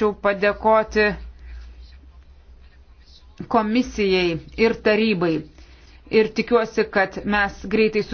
norėčiau padėkoti komisijai ir tarybai. Ir tikiuosi, kad mes greitai susitiksime.